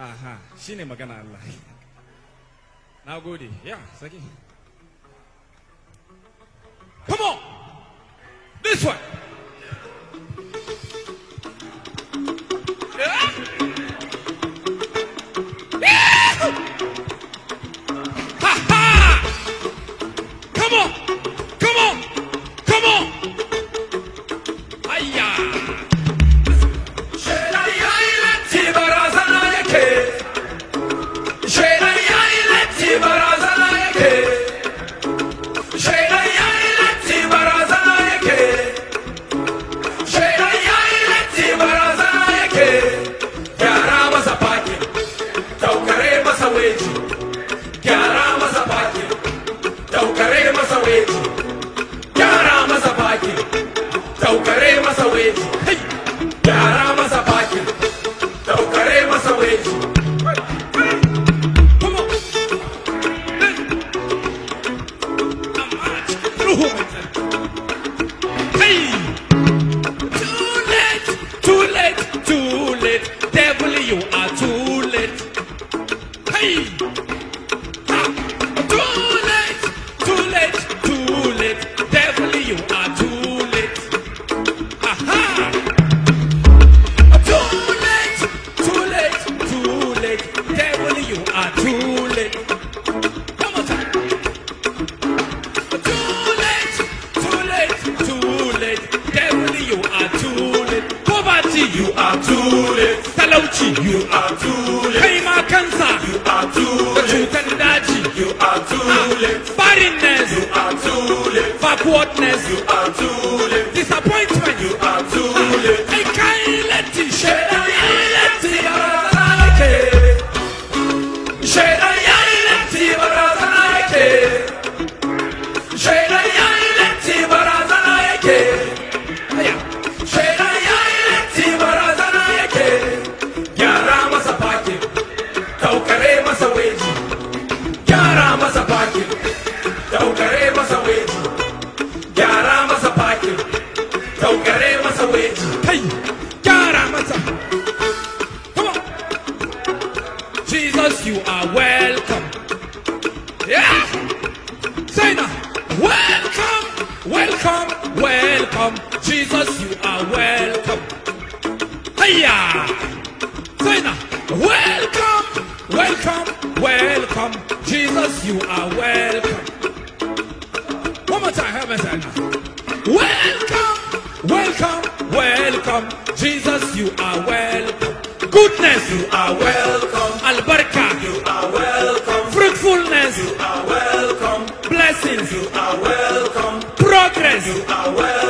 aha shine magana Allah na gode ya saki come on this one weji gyara masa baki daukare masa weji gyara masa baki daukare masa weji hey! talauci you are too late talauci you are too late kai ma kansa you are too late cutar daji you are too late ah, barrenness you are too late backwardness you are too late disappointment you are too late ai ah, kai it. Hey, Karamata. Come on. Jesus, you are welcome. Yeah. Say now. Welcome, welcome, welcome. Jesus, you are welcome. Hiya. Say now. Welcome, welcome, welcome. Jesus, you are welcome. One more time, heaven, say now. Welcome. You are welcome. Goodness. You are welcome. Albarka. You are welcome. Fruitfulness. You are welcome. Blessings. You are welcome. Progress. You are welcome.